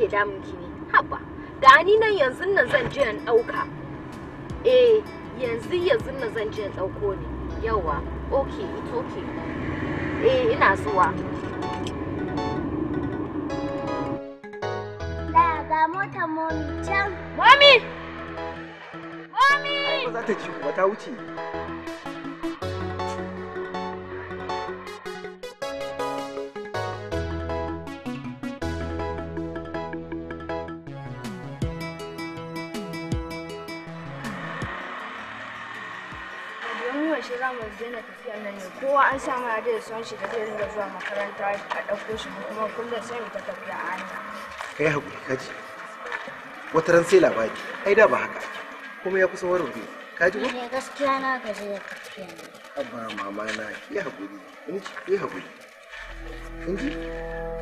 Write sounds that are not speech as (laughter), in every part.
ke damun ki ne haba da ni nan yanzu nan zan je an ɗauka eh yanzu yanzu nan zan je an ɗauko ne yawa okay ito okay eh ina zuwa ga mota momi can Mami! Mami! ba za ta ci ba ta wuce an samu mana da son shi da zai ringa zuwa makaranta a ɗauko shi kuma kullum sai ta tafiya a hanya kai hakuri kaji wata ran sai labari ai da ba haka kuma ya kusa warin biyu kaji ko ne eh, gaskiya na gaji da ne. abba mama na ki hakuri Inji, ki hakuri Inji!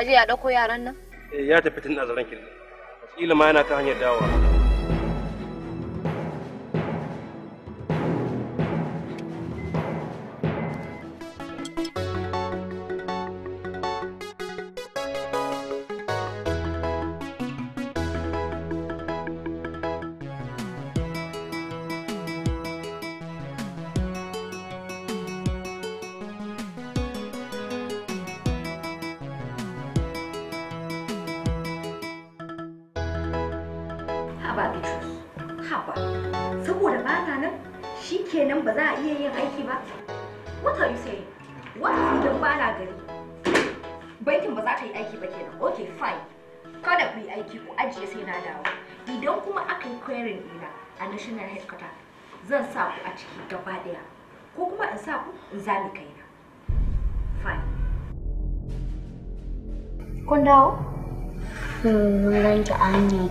aje a ɗauko yaran nan? Eh, ya tafi tun a kirki. kila ma yana ta hanyar dawowa.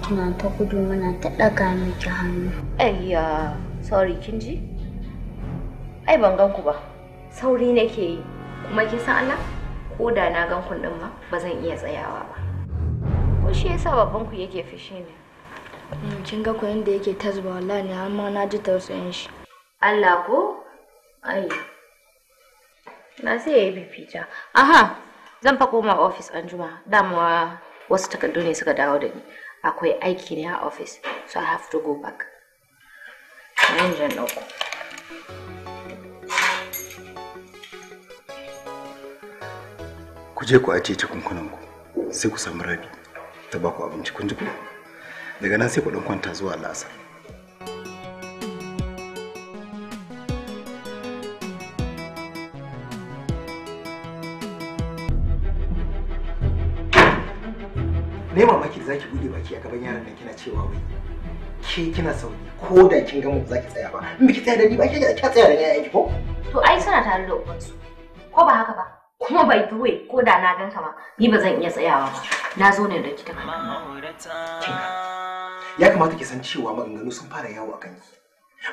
kina ta gudu muna ta ɗaga miki hannu. Ayya, sorry kin ji? Ai ban gan ku ba. Sauri nake yi. Kuma kin san Allah? Ko da na gan kun din ma ba zan iya tsayawa ba. Ko shi yasa babban ku yake fishe ni. Hmm, kin ga ku yanda yake tasba wallahi har ma na ji tausayin shi. Allah ko? Ai. Na sai ya yi fifita. Aha, zan fa koma ofis anjuma. Dama wasu takardu ne suka dawo da ni. akwai aiki ne a office so i have to go back nan jan ɗauko ku je ku ajiye cikunkunan ku sai ku samu rabi ta ba ku abinci kun ji ku daga nan sai ku ɗan kwanta zuwa la'asar mamaki zaki bude baki a gaban yaran nan kina cewa wai ke kina sauri ko da kin ga mu zaki tsaya ba in biki tsaya da ni ba ke ka tsaya da yayan ki ko to ai suna tare da su ko ba haka ba kuma bai tuwe ko da na ganka ba ni ba zan iya tsayawa ba na zo ne da kita ya kamata ki san cewa maganganu sun fara yawo a kanki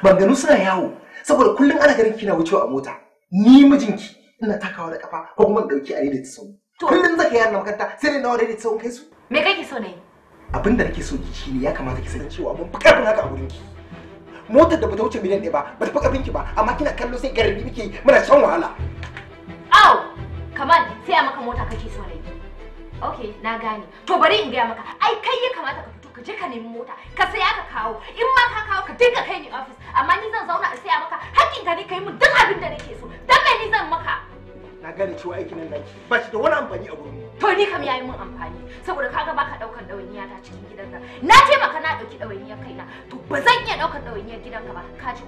maganganu suna yawo saboda kullum ana ganin kina wucewa a mota ni mijinki ina takawa da kafa ko kuma dauki a ta sau kullun zaka yi na makaranta sai dai nawa daidaita sau kai su me kake so ne? abin da nake so ki ne ya kamata ki sani cewa mun fi naka a gurin ki motar da bata wuce miliyan ɗaya ba bata fi karfin ki ba amma kina kallo sai garbi muke muna shan wahala au kamar sai a maka mota kake so ne. yi ok na gane to bari in gaya maka ai kai ya kamata ka fito ka je ka nemi mota ka sai aka kawo in ma ka kawo ka dinga kai ni office amma ni zan zauna a saya maka hakkin ka ne kai mun duk abin da nake so dan me ni zan maka na gane cewa aikin nan naki ba shi da wani amfani a gurin To ni kam yayi mun amfani saboda kaga baka daukan dawainiya ta cikin gidan na Na taimaka na dauki dawainiyar kaina to bazan zan iya daukan gidan gidanka ba ka ji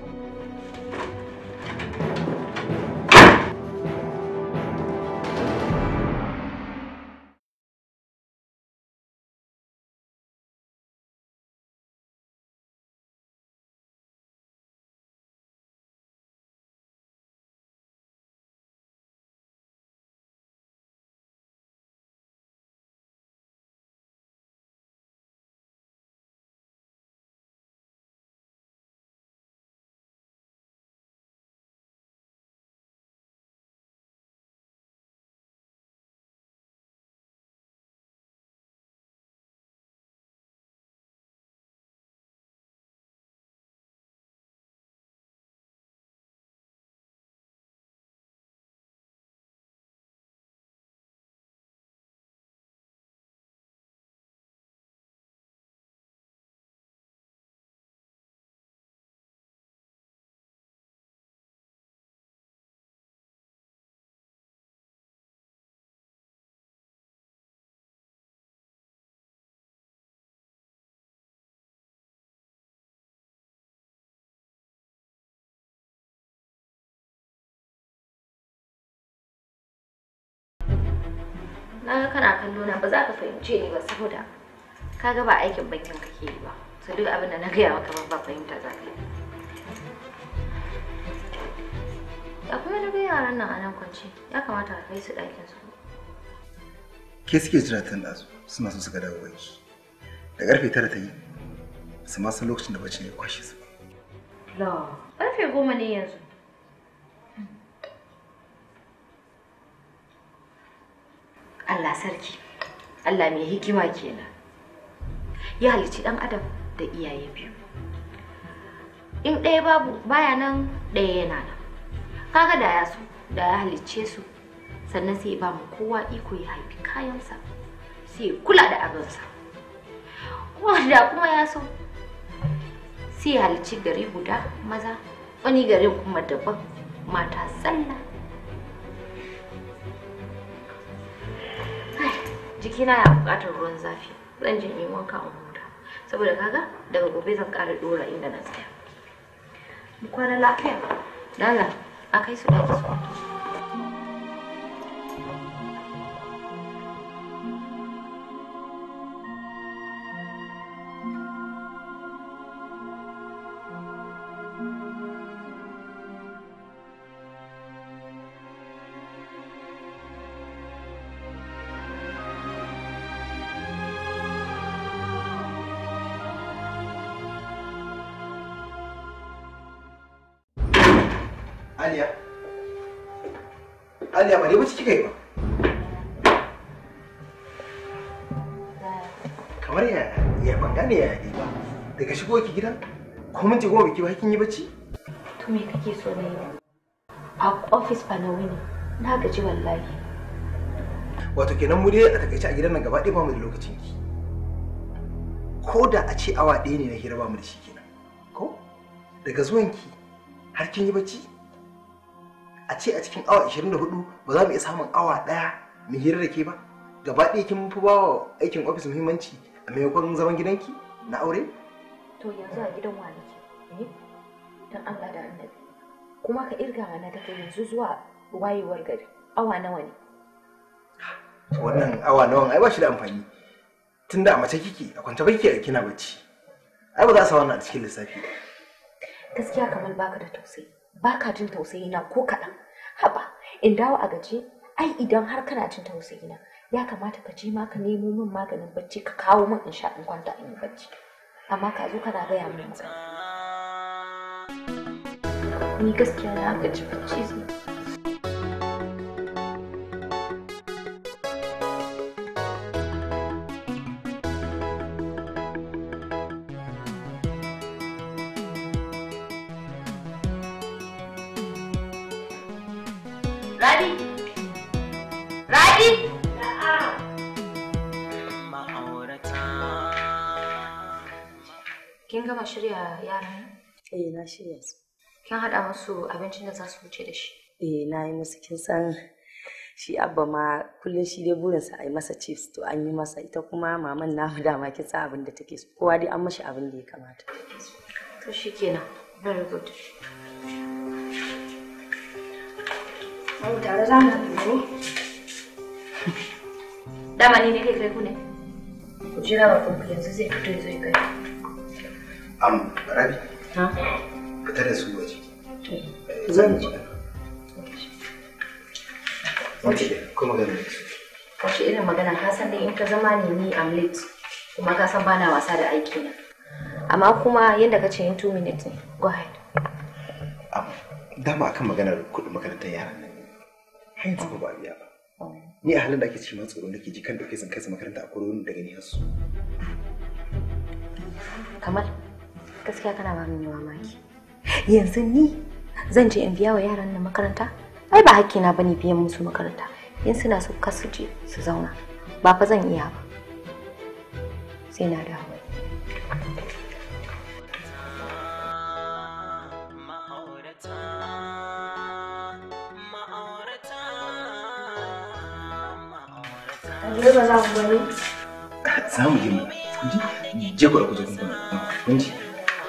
na ga kana kallo na ba za ka fahimce ni ba saboda ka ga ba aikin bankin kake yi ba to duk abin da na gaya maka ba ba fahimta za ka yi ya kuma na ga yaran nan a nan kwance ya kamata ka kai su ɗakin su ke suke jira tun ɗazu suna so su ga dawo wanki da ƙarfe tara ta yi su ma san lokacin da bacci ne kwashe su ba. Lo, ƙarfe goma ne yanzu. Allah sarki Allah mai hikima kenan ya halici dan adam da iyaye biyu in ɗaya babu baya nan ɗaya yana nan kaga da ya su da ya halicce su sannan sai ba mu kowa iko ya haifi kayansa sai kula da abinsa wanda kuma ya so sai halicci gari guda maza wani garin kuma daban mata sallah jikina ya buƙatar ruwan zafi zan je in wanka in huta saboda kaga daga gobe zan ƙara dora inda na tsaya mu kwana lafiya lala a kai su ɗaki su goma biki ba kin yi bacci to me kake so na yi a office fa na wuni na gaji wallahi wato kenan mu dai a takaice a gidan nan gaba ɗaya ba mu da lokacin ki ko da a ce awa ɗaya ne na hira ba mu da shi kenan ko daga zuwan ki har kin yi bacci a ce a cikin awa 24 ba za mu iya samun awa ɗaya mu hira da ke ba gaba ɗaya kin fi ba wa aikin ofis muhimmanci a maimakon zaman gidanki na aure to yanzu a gidan wa nake Eh? don Allah da annabi kuma ka irga na take yanzu zuwa wayewar gari awa nawa ne wannan awa nawa ai ba shi da amfani tunda a mace kike a kwanta baki a kina bacci ai ba za a sa wannan a cikin lissafi gaskiya kamar baka da tausayi baka jin tausayi na ko kaɗan haba in dawo a gaje ai idan har kana jin tausayi na ya kamata ka je ma ka nemo min maganin bacci ka kawo min in sha in kwanta in yi bacci amma ka zo kana gaya min magana Ni gaskiya na gaji bacci zai na shirya su. Kin haɗa musu abincin da za su wuce da shi? Eh na yi musu kin san shi abba ma kullum shi dai burinsa a yi masa chips to an yi masa ita kuma maman namu dama kin san abin da take so kowa dai an mashi abin da ya kamata. To shi kenan, Very good. Mu tare za mu tafi. (laughs) Dama ni ne kai kai ku ne. Ku jira ba ku yanzu zai fito zai kai. Am Rabi. fita da su waje zan ji wace kuma gani wace irin magana ka san dai in ka zama ni am late kuma ka san bana wasa da aiki na amma kuma yadda ka ce in 2 minutes go ahead dama akan maganar kuɗin makarantar yaran nan har yanzu ba biya ba ni a halin da ake cikin tsoro nake ji kan dauke sun kai su makaranta a kurorin daga ni su kamar gaskiya kana ba min mamaki yanzu ni zan je in biya wa yaran nan makaranta ai ba hakki na bane biyan musu makaranta in suna so su je su zauna ba fa zan iya ba sai na dawo Za mu je mu. Je ku ɗauko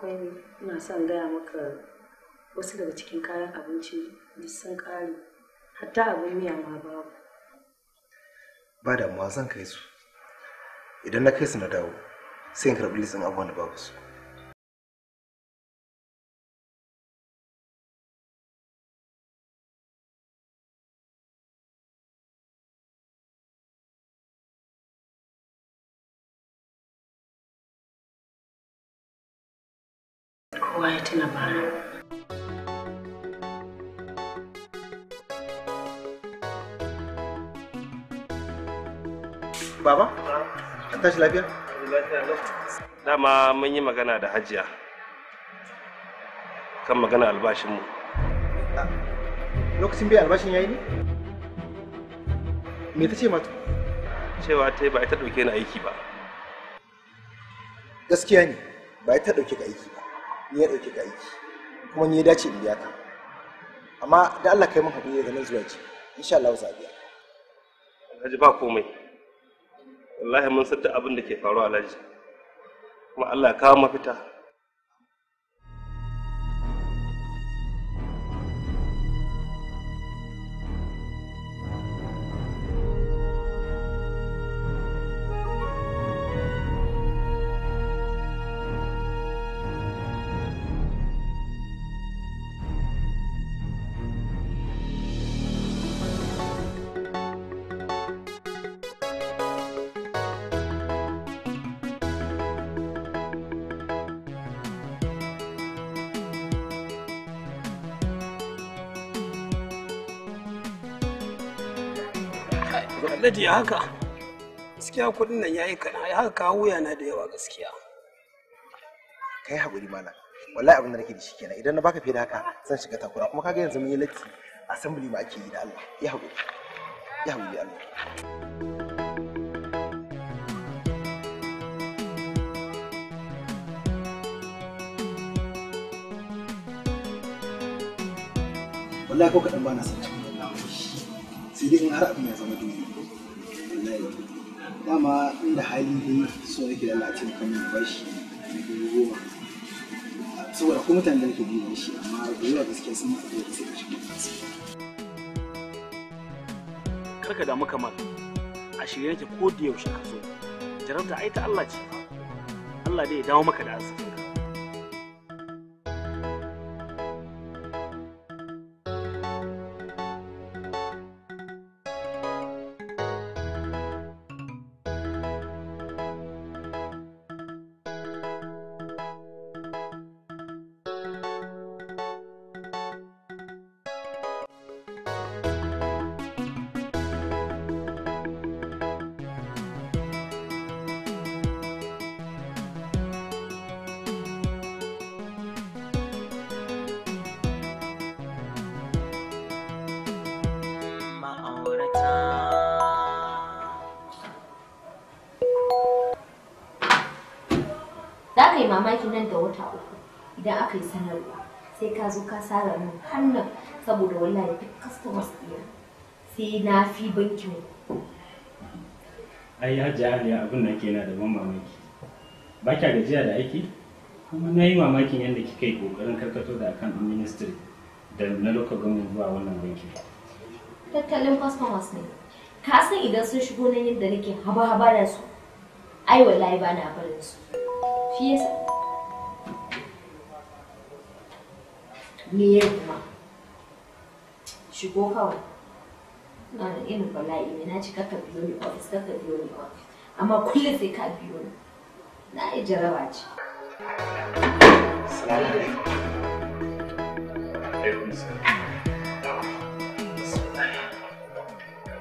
akwai ina son gaya maka wasu daga cikin kayan abinci duk sun ƙare hatta abin miya ma babu ba damuwa zan kai su idan na kai su na dawo sai in karɓi listin abubuwan da babu su tashi lafiya? Dama mun yi magana da hajiya kan magana albashinmu. Lokacin bai albashin yayi ne? Me ta ce mata? Cewa ta ba ita ɗauke ni aiki ba. Gaskiya ne, ba ita ɗauke ka aiki ba. Ni ya ɗauke ka aiki. Kuma ni ya dace in biya ka. Amma da Allah kai mun haƙuri da nan zuwa ji. Insha Allah za a biya. Alhaji ba komai. wallahi mun san abin da ke faruwa alhaji kuma Allah ya kawo mafita kai ya haka gaskiya kudin nan ya yi ya haka kawo wuya na da yawa gaskiya kai hakuri malam wallahi abin da nake da shi kenan idan na baka fiye da haka zan shiga takura kuma kaga yanzu mun yi latti assembly ma ake yi da Allah ya hakuri ya hakuri Allah wallahi ko kaɗan ba na san sai dai har abin ya zama dole wallahi dama inda hali ne so yake da latin kan bashi na dubu goma saboda ko mutane da nake biyu shi amma da yawa gaskiya sun mafi da sai shi karka damu kamar a shirye yake ko da yaushe ka so jarabta ai ta Allah ce Allah dai ya dawo maka da arziki mamaki nan da wata uku idan aka yi sanarwa sai ka zo ka sara min hannun saboda wallahi duk customers ɗina sai na fi bankin ai hajji aliya abin da ke na da ban mamaki ba kya gajiya da aiki kuma na yi mamakin yadda kika yi kokarin karkato da akan ministry da na local government zuwa wannan banki tattalin customers ne ka san idan sun shigo nan yadda nake haba-haba da su ai wallahi ba na barin su fiye sa ni ya kuma shigo kawai na da irin bala'i ne na ci kaka biyo ni ofis kaka biyo ni ofis amma kullum sai ka biyo ni na yi jaraba ce salamu alaikum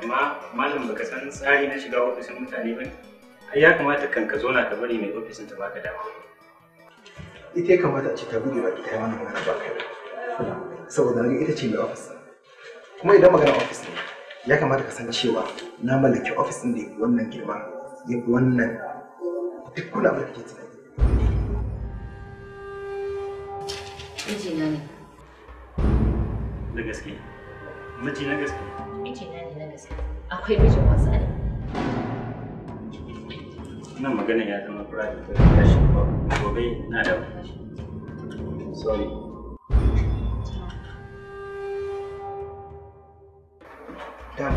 amma malam baka san tsari na shiga ofishin mutane ba ai ya kamata kan ka zo ka bari mai ofishin ta baka dama ita ya kamata a ce ta gudu ba ita ya wannan magana ba kai ba saboda na ita ce mai ofis kuma idan magana ofis ne ya kamata ka san cewa na mallaki ofis ɗin da ya wannan girma ya wannan duk kuna ba ke tunani. Mijina ne. Da gaske. Miji na gaske. Mijina ne na gaske. Akwai mijin wasa ne. Nan magana ya zama private ya shi gobe na da wani. Sorry. dama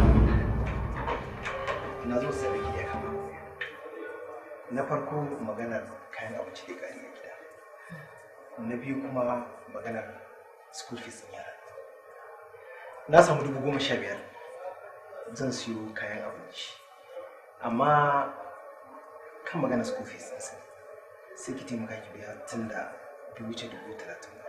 na zo sai gida kama na farko maganar kayan abinci da kari a gida na biyu kuma maganar school fees din yara na samu dubu goma sha biyar zan siyo kayan abinci amma kan maganar school fees din sai sai ki taimaka ki biya tun da bai wuce dubu talatin ba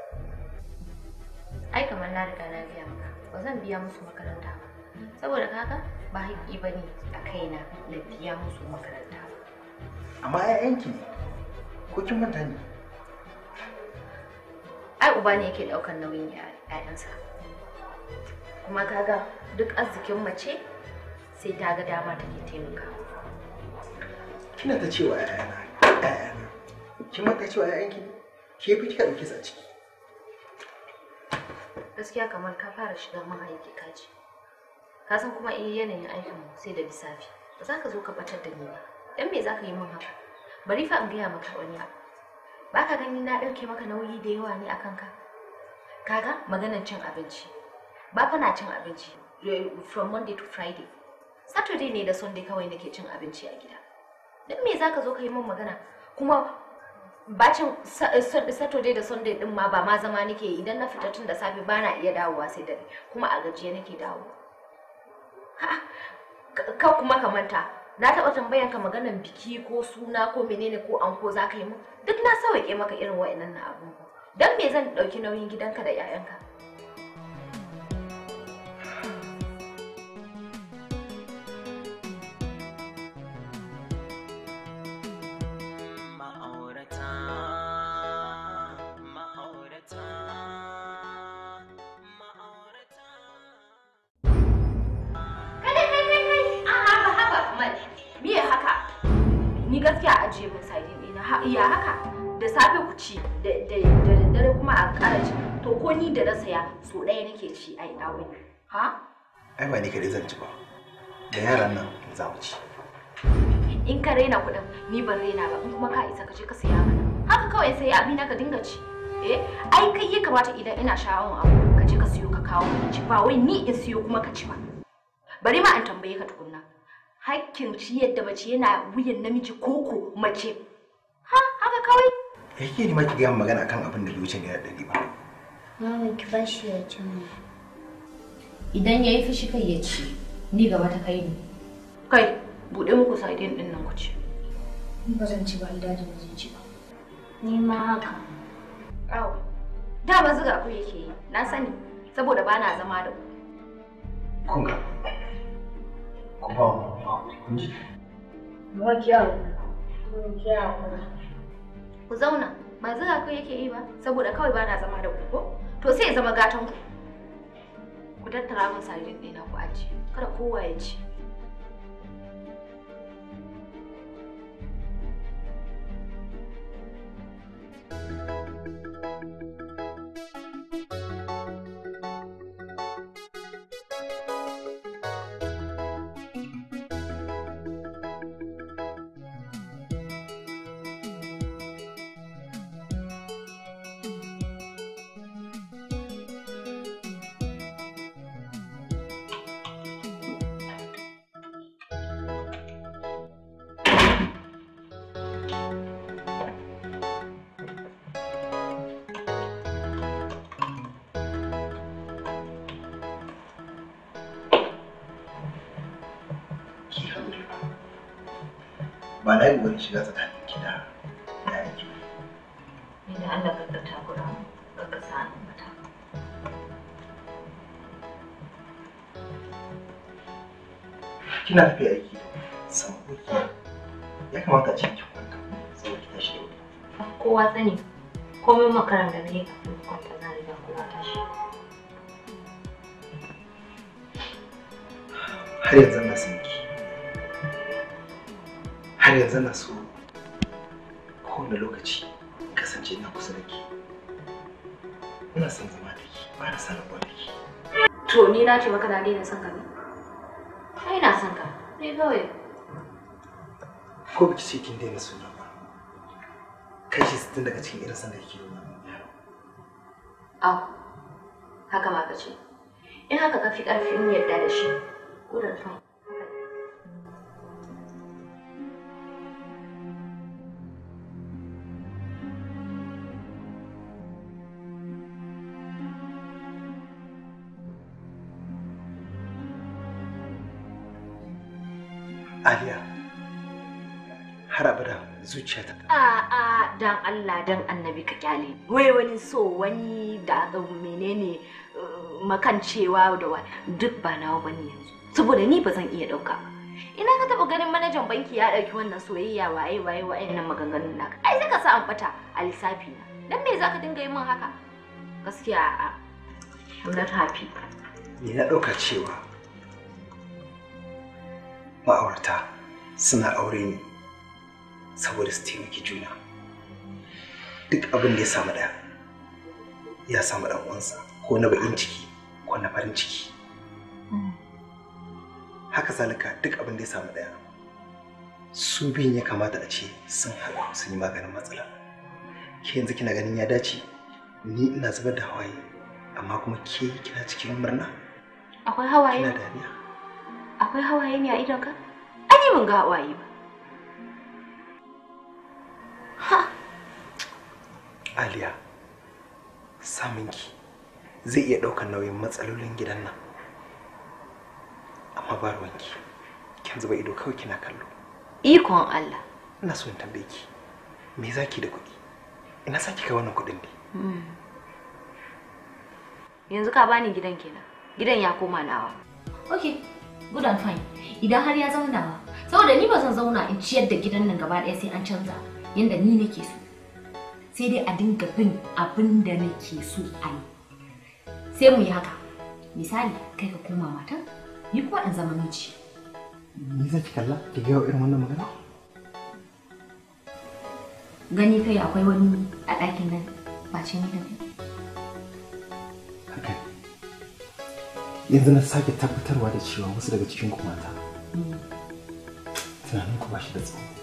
ai kamar na riga na biya maka ba zan biya musu makaranta ba saboda kaga ba haƙƙi ba ne a kaina da biya musu makaranta amma ƴaƴanki ne ko kin manta ne ai uba ne yake ɗaukar nauyin ƴaƴansa kuma kaga duk arzikin mace sai ta ga dama take taimaka kina ta cewa ƴaƴana ƴaƴana kin manta cewa ƴaƴanki ke fi kika ɗauke su a ciki gaskiya kamar ka fara shiga mun aiki kaji ka san kuma eh yanayin aikin mu sai da lissafi ba za ka zo ka batar da ni ba dan me za ka yi min haka bari fa in gaya maka wani abu ba ka gani na ɗauke maka nauyi da yawa ne a kanka kaga maganar cin abinci ba fa na cin abinci eh, from monday to friday saturday ne da sunday kawai nake cin abinci a gida dan me za ka zo ka yi min magana kuma bacin eh, saturday da sunday din ma ba ma zama nake idan na fita tun da safe na iya dawowa sai dare kuma a gajiya nake dawowa ka kuma ka manta na taɓa tambayan ka maganan biki ko suna ko menene ko anko za ka yi mu duk na sauke maka irin wa'annan na abubuwa don me zan ɗauki nauyin gidanka da 'ya'yanka ai ba ni zan ci ba da yaran nan za mu ci in ka raina kuɗin ni ban raina ba in kuma ka isa ka je ka saya mana haka kawai sai abin ka dinga ci eh ai kai ya kamata idan ina sha'awar abu ka je ka siyo ka kawo ci ba wai ni in siyo kuma ka ci ba bari ma an tambaye ka tukunna hakkin ci yadda mace yana wuyan namiji koko mace ha haka kawai yake ni ma ki ga magana akan abin da bai wuce naira ɗari ba Mama ki bashi ya ci idan ya yi fushi kai ya ci ni gaba ta kai ni kai buɗe muku sa'idin ɗin nan ku ci ni ba zan ci ba aldaji ba zan ci ba ni ma haka au da ba zuga ku yake yi na sani saboda ba na zama da ku kun ga ku ba ku kun ji ba ki yawo kun ki yawo ku zauna ba zuga ku yake yi ba saboda kawai ba na zama da ku ko to sai ya zama gatan ku ku tattara min sardin ɗina ku ajiye kada kowa ya ci thank you ba na yi wani shiga tsakanin gida ya yayanki ba. Ina Allah ka takura ka ka sa ni mata. Kina tafiya aiki san kuki ya kamata ce ki kwanta sai ki tashi da wuri. Kowa sani komai makaran da na yi kafin kwanta na riga kuma tashi. Har yanzu zana na so kowane lokaci kasance na kusa da ke ina son zama da ke ba da son rabuwa da ke to ni na ce maka na daina son ka ne ai na son ka ne kawai ko biki ce kin daina suna ba kashi sittin daga cikin irin son da kike nuna au haka ma ka ce in haka ka fi ƙarfin yadda da shi ƙudurin zuciyata a'a dan Allah dan annabi ka kyale wai wani so wani da um, menene uh, makancewa da duk ba nawa bane yanzu saboda ni bazan iya ɗauka. ba ina ka taba ganin manajan banki ya ɗauki wannan soyayya waye waye nan maganganun naka ai zaka sa an fata a lissafi na dan me zaka dinga yi min haka gaskiya a'a I'm not happy ni na dauka cewa ma'aurata suna aure ne saboda su taimaki juna duk abin da ya samu da ya samu dan uwansa ko na bakin ciki ko na farin ciki haka zalika duk abin da ya samu ɗaya su biyun ya kamata a ce sun haɗu sun yi maganin matsala ke yanzu kina ganin ya dace ni ina zubar da hawaye amma kuma ke kina cikin murna akwai hawaye kina dariya akwai hawaye ne a idonka ani mun ga hawaye ba aliya saminki zai iya ɗaukar nauyin matsalolin gidan nan amma ba ruwanki kin zuba ido kawai kina kallo ikon allah ina so in tambaye ki me za ki da kuɗi ina sa ki kai wannan kuɗin ne hmm. yanzu ka bani gidan kenan gidan ya koma nawa okay good and fine idan har ya zama nawa saboda ni ba zan zauna in ciyar da gidan nan gaba ɗaya sai an canza yadda ni nake so sai dai a dinga bin abin da nake so a yi sai mu yi haka misali kai ka koma mata ni kuma in zama miji ni zaki kalla ki ga irin wannan magana gani kai akwai wani a ɗakin nan ce ni kai yanzu na sake tabbatarwa da cewa wasu daga cikin kuma mata hmm. tunanin ku ba shi da tsoro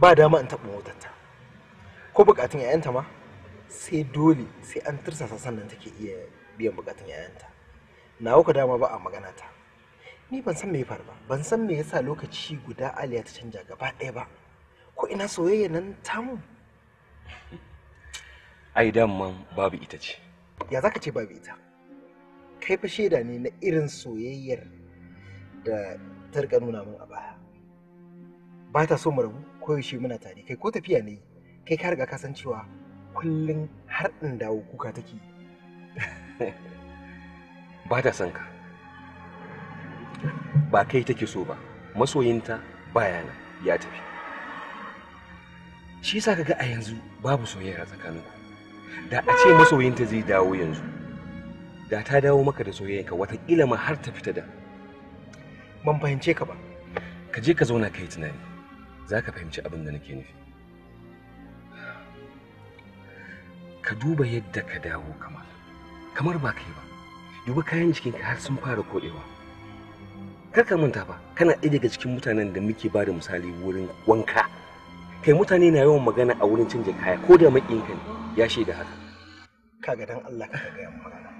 ba dama in taɓa motarta ko bukatun 'ya'yanta ma sai dole sai an tursasa sannan take iya biyan bukatun 'ya'yanta na ka dama ba a magana ta ni ban san me ya faru ba ban san me yasa lokaci guda aliya ta canja gaba ɗaya ba ko ina soyayya nan tamu ai man babu ita ce ya zaka ce babu ita kai fa shaida ne na irin soyayyar da ta nuna min a baya ba ta so mu rabu koyaushe muna tare kai ko tafiya ne kai ka riga kasan cewa kullum har in dawo kuka take (laughs) ba ta son ka ba kai take so ba masoyinta ba yana ya tafi shi yasa kaga a yanzu babu soyayya tsakaninku da a ce masoyinta zai dawo yanzu da ta dawo maka da soyayyanka watakila ma har ta fita da ban fahimce ka ba ka je ka zauna kai tunani za ka fahimci abin da nake nufi ka duba yadda ka dawo kamar kamar ba kai ba duba kayan jikinka har sun fara koɗewa kar ka manta ba kana ɗaya daga cikin mutanen da muke ba da misali wurin wanka kai mutane na yawan magana a wurin canja kaya ko da maƙinka ne ya shaida haka kaga dan Allah ka ga yan magana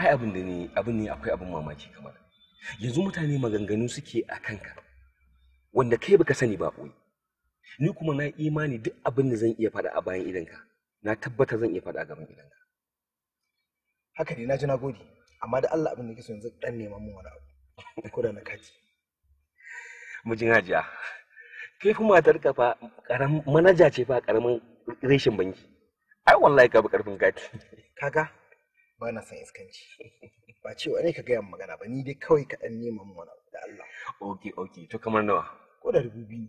ai abin da ne abin ne akwai abin mamaki kamar yanzu mutane maganganu suke a kanka wanda kai baka sani ba boye ni kuma na imani duk abin da zan iya faɗa a bayan idanka na tabbata zan iya faɗa a gaban idanka haka ne na ji na gode amma da Allah abin da kake so yanzu dan neman mun wani abu ko da na kaji mijin hajiya kai kuma matar ka fa karam manaja ce fa karamin reshin banki ai wallahi ka bi karfin kati kaga ba na son iskanci ba cewa ne ka gaya magana ba ni dai kawai ka dan neman mana da Allah Oke-oke, to kamar nawa ko da dubu biyu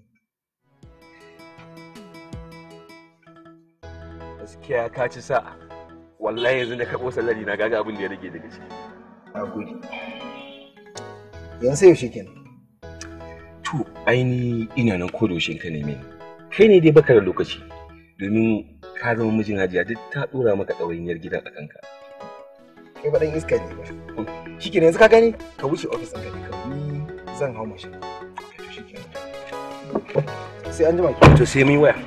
gaskiya ka ci sa? wallahi yanzu da kaɓo sallari na gaga abin da ya rage daga ciki na gode yanzu yaushe kenan to aini ina nan ko da ka neme kai ne dai baka da lokaci domin ka zama mijin hajiya duk ta dora maka ɗawainiyar gidan a kanka kai ba dan iska ne ba shikenan yanzu ka gani ka wuce office ɗin ne ka zan hau mashin sai an jima ki to sai mun waya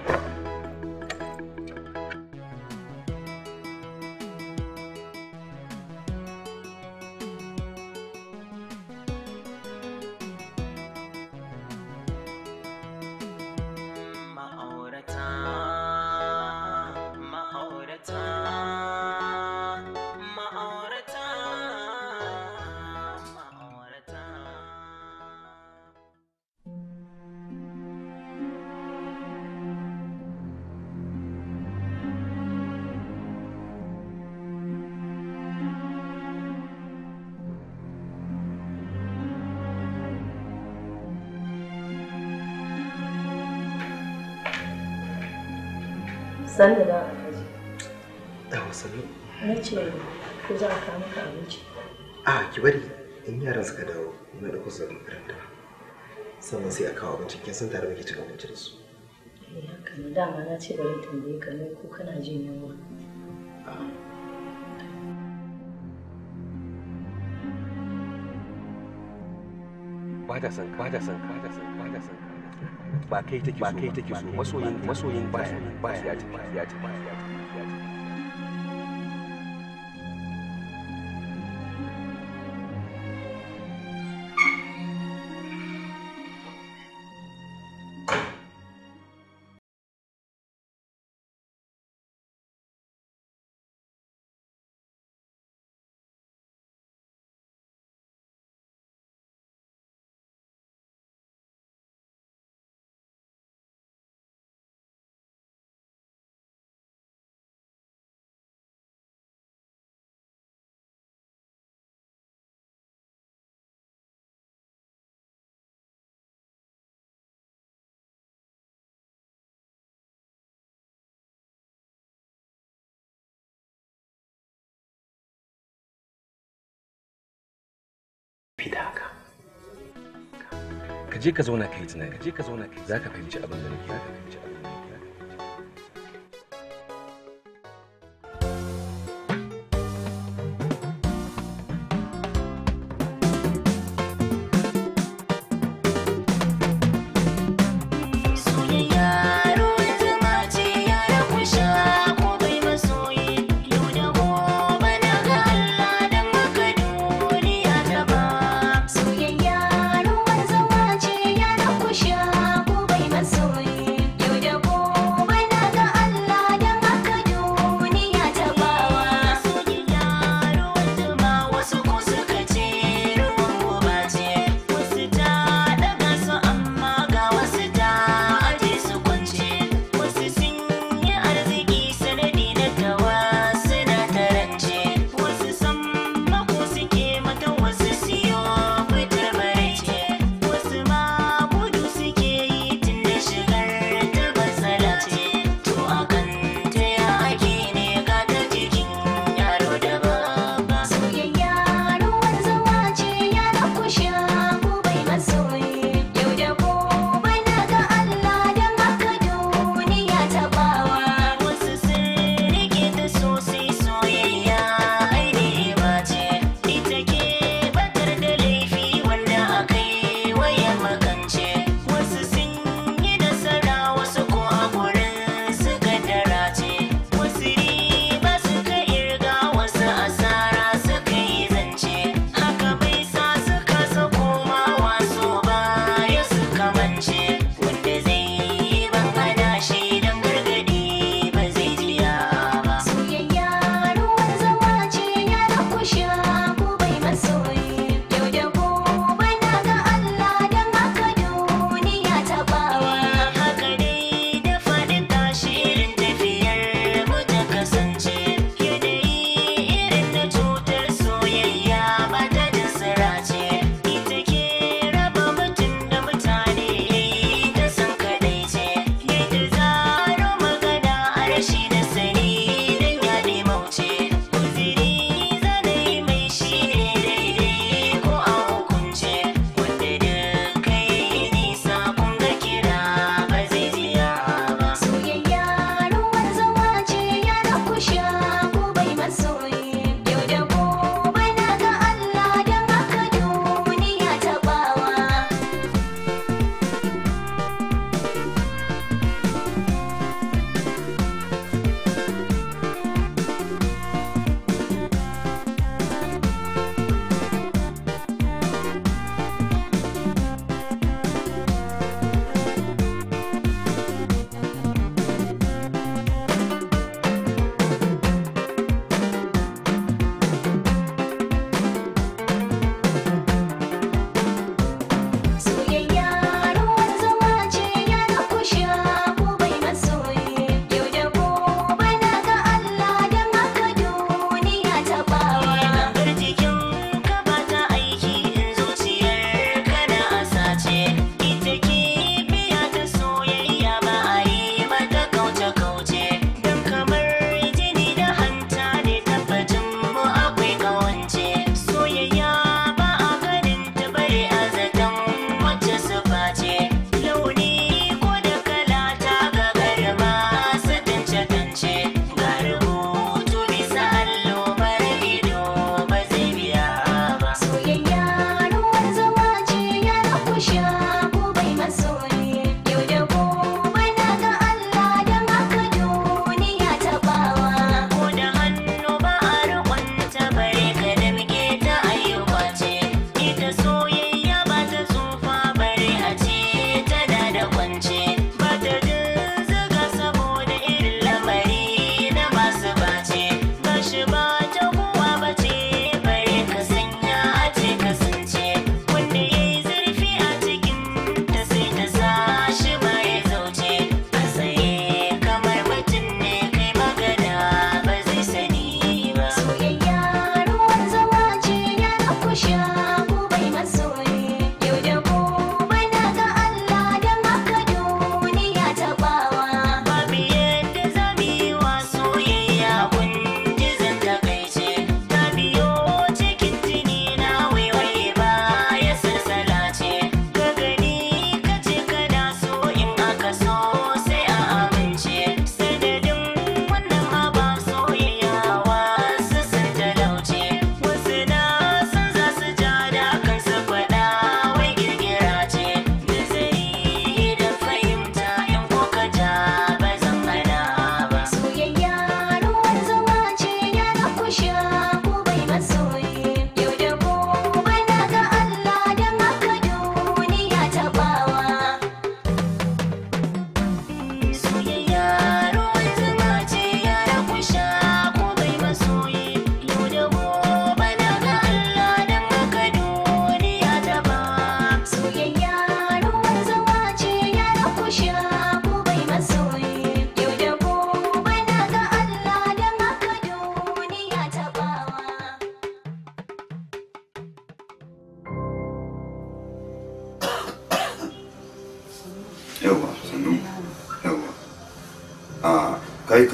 su daga makaranta sannan sai a kawo abincin kin san tare muke cin abinci da su eh, dama na ce bari tambaye ka ne ko kana jin yunwa ba da san ba ta san ba ta san ba ba kai take ba kai take so masoyin masoyin ba ya ya ya ya ka je ka zauna kai tunani ka je ka zauna kai ka fahimci abin da nake ka fahimci abin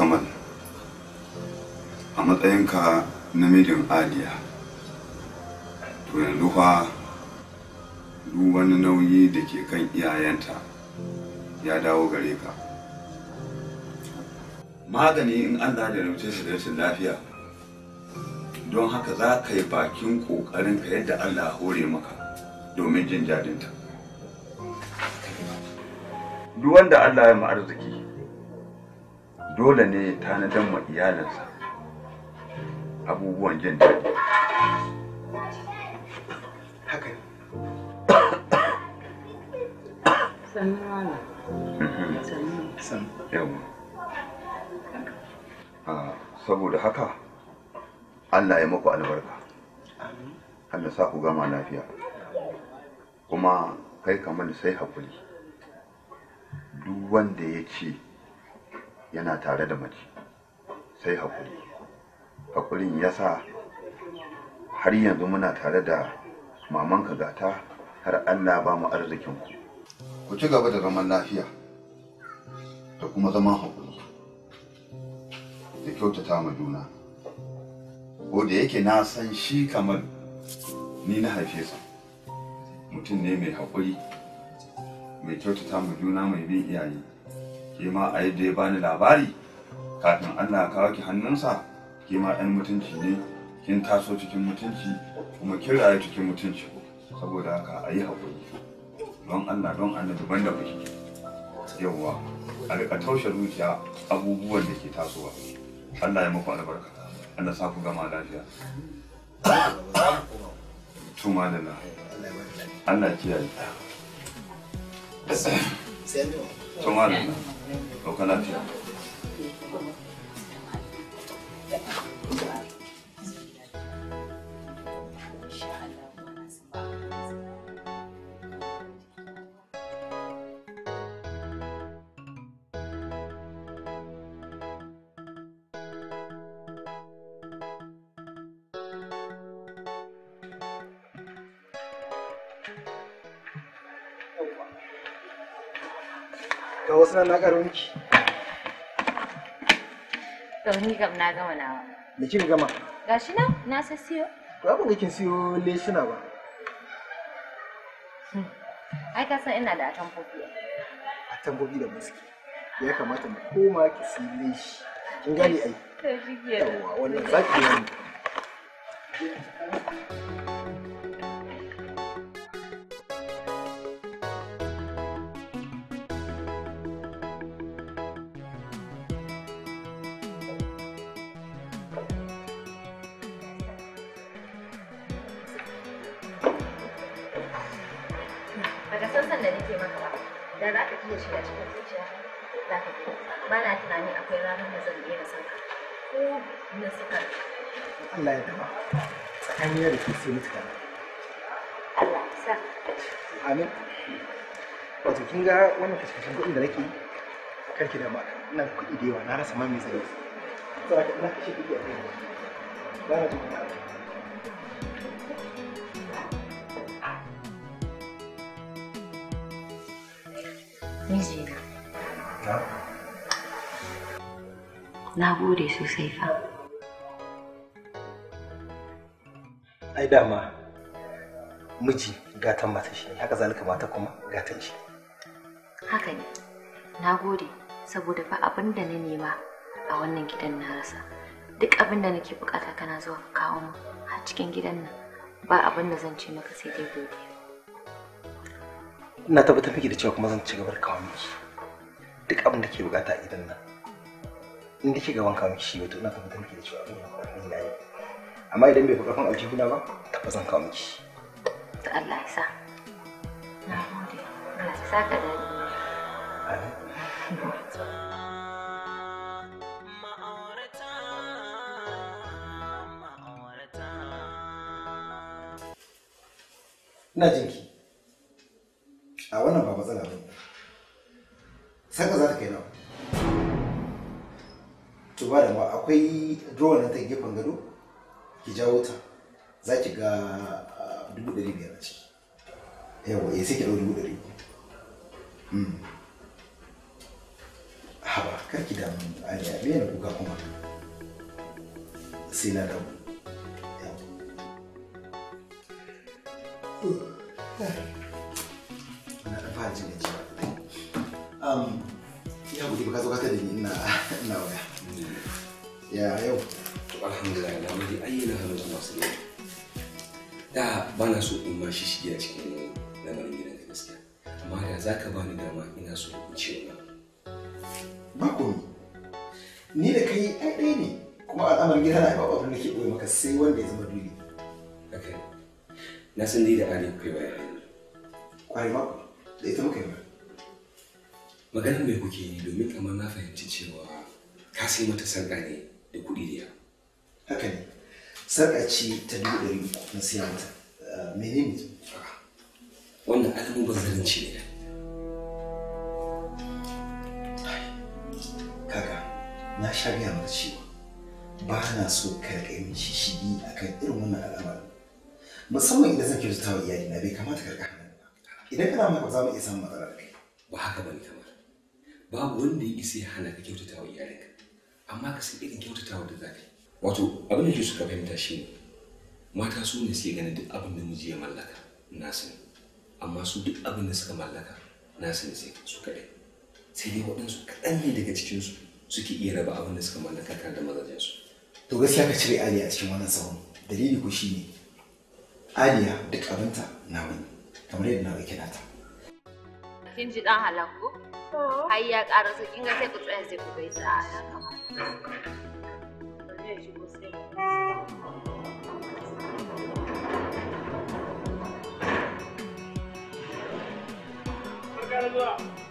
kamal a matsayinka namijin aliya to yanzu fa duk wani nauyi da ke kan iyayenta ya dawo gare ka magani in allah da rauce shi da rashin lafiya don haka za ka yi bakin ka yadda allah hore maka domin jin jadinta duk wanda allah ya ma arziki dole ne tanadan ma iyalinsa abubuwan jin daɗi mhm. ah, saboda haka allah ya maku albarka allah sa ku gama lafiya kuma kai kamar sai haƙuri duk wanda ya ce yana tare da mace sai haƙuri haƙurin ya sa har yanzu muna tare da mamanka gata har allah ba mu arzikinku ku ci gaba da zaman lafiya da kuma zaman haƙuri da kyautata ma juna ko da yake na san shi kamar ni na haife sa mutum ne mai haƙuri mai kyautata ma juna mai bin iyaye ke ma a yadda ya bani labari kafin allah kawo ki hannunsa ke ma 'yan mutunci ne kin taso cikin mutunci kuma kin rayu cikin mutunci saboda haka a yi haƙuri don allah don daban da fushi yawwa a riƙa taushe zuciya abubuwan da ke tasowa allah ya muku albarka allah sa ku gama lafiya tuma da na allah kiyaye tuma da na Ɗauka lafiya. wannan na karo miki. to ni gam na gama nawa me kin gama gashi na na sassiyo ko abin da kin siyo suna ba hmm. ai ka san ina da atamfofi kofi da muski ya kamata mu koma ki siyo leshi kin gane ai to shi ke yawa wannan zaki ne Thank you. san san da nake maka ba da za ka iya shiga cikin zuciya za ka iya ba na tunani akwai ranar da zan daina san ka ko na suka Allah ya dama tsakaniya da ke sai mutuka Allah sa amin wato kin ga wannan kashe-kashen kuɗin da nake yi karki da ma. ina kuɗi da yawa na rasa ma me zai yi saboda ina kashe kuɗi a kai ba na jin mijina na gode sosai fa ai dama miji gatan mata shi haka zalika mata kuma gatan shi haka ne nagode, gode saboda fa abin da na nema a wannan gidan na rasa duk abin da nake bukata kana zuwa kawo mu a cikin gidan nan ba abin da zan ce maka sai dai godiya ina tabbatar miki da cewa kuma zan ci gaba da kawo miki duk abin da ke bukata idan nan in da ke gaban kawo miki shi wato ina tabbatar miki da cewa abin da kwarfin na yi amma idan bai fi karfin aljihuna ba tabbas zan kawo miki Allah ya sa na gode Allah ya sa ka dadi na jinki ki jawo za ki ga ah, dubu ɗari biyar a ciki yawa ya eh, sai ki ɗau dubu ɗari ka ba ni dama ina so in ce ba ko ni da kai ai ɗaya ne kuma al'amar gida na ba abin da ke ɓoye maka sai wanda ya zama dole okay na san dai da ali kai ba ya kwari ma da ita muka yi ba magana mai kuke yi domin kamar na fahimci cewa ka sai mata sarƙa ne da kuɗi da haka ne sarƙa ce ta dubu ɗari na siya mata eh, menene wannan alamun bazaranci ne na sha gaya maka cewa ba na so ka riƙa yin shishigi a kan irin wannan al'amarin musamman idan zan kyautata wa iyalina bai kamata ka riƙa hannun ba idan kana maka za mu iya samun matsala da kai ba haka ba ne kamar babu wanda ya isa ya hana ka kyautata wa iyalinka amma ka san irin kyautatawa da za ka yi wato abin da ke suka fahimta shi ne mata su ne suke ganin duk abin da miji ya mallaka na ne amma su duk abin da suka mallaka na ne sai su kaɗai sai dai waɗansu kaɗan ne daga cikinsu suke iya raba abin da suka mallaka tare da mazajensu. To gaskiya ka cire Aliya a cikin wannan tsawon Dalili ku shi ne Aliya duk abinta na wani kamar yadda na kira ta. Kin ji dan halakku? Har ya ƙara su kin ga sai ku tsaya sai ku gaisa a nan.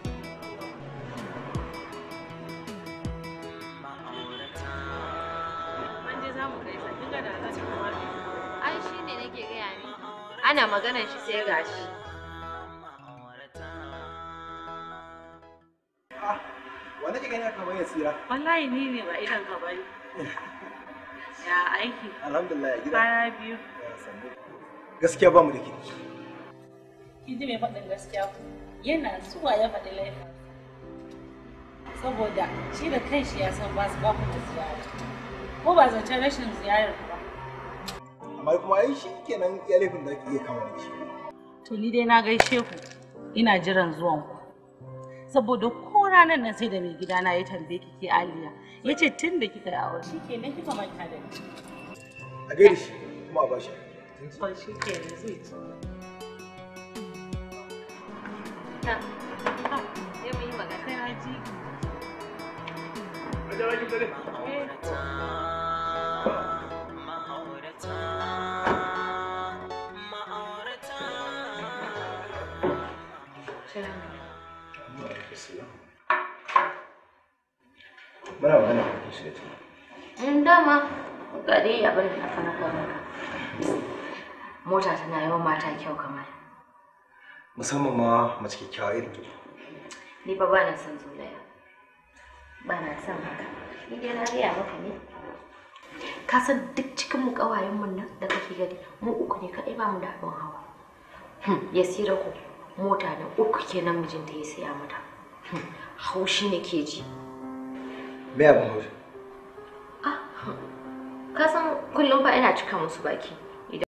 ana maganan shi sai gashi wanda ke gani aka bayyana tsira wallahi ni ne ba idan ka bari (laughs) ya aiki alhamdulillah gida kwana biyu gaskiya ba mu da ke. ki mai faɗin gaskiya ku yana zuwa ya faɗi laifin saboda shi da kanshi ya san ba su ba ku da ziyara ko ba zancen rashin ziyarar ku amma kuma ai shi kenan ya laifin da ke iya kama da shi to ni dai na gaishe ku ina jiran zuwan ku saboda ko ranar nan sai da mai gida na ya tambaye ki ke aliya yace tun da kika yi aure shi kenan kika manta da ni a gaida shi kuma a bashi shi kenan zai ci ta ya mu yi magana sai na ji Thank eh, you. muna magana da kusa da In dama ga dai abin da na fara maka mota tana yawan mata kyau kamar musamman ma mace kyakkyawa irin ni ba ba na son zolaya ba na son haka ni dai na riya maka ne ka san duk cikin mu kawayen mun nan da kake gani mu uku ne kai ba mu da abin hawa hmm, ya sira ku mota ne uku kenan mijinta ya siya mata hmm, haushi ne ke ji me abin Ah, ka san kullum fa ina cika musu baki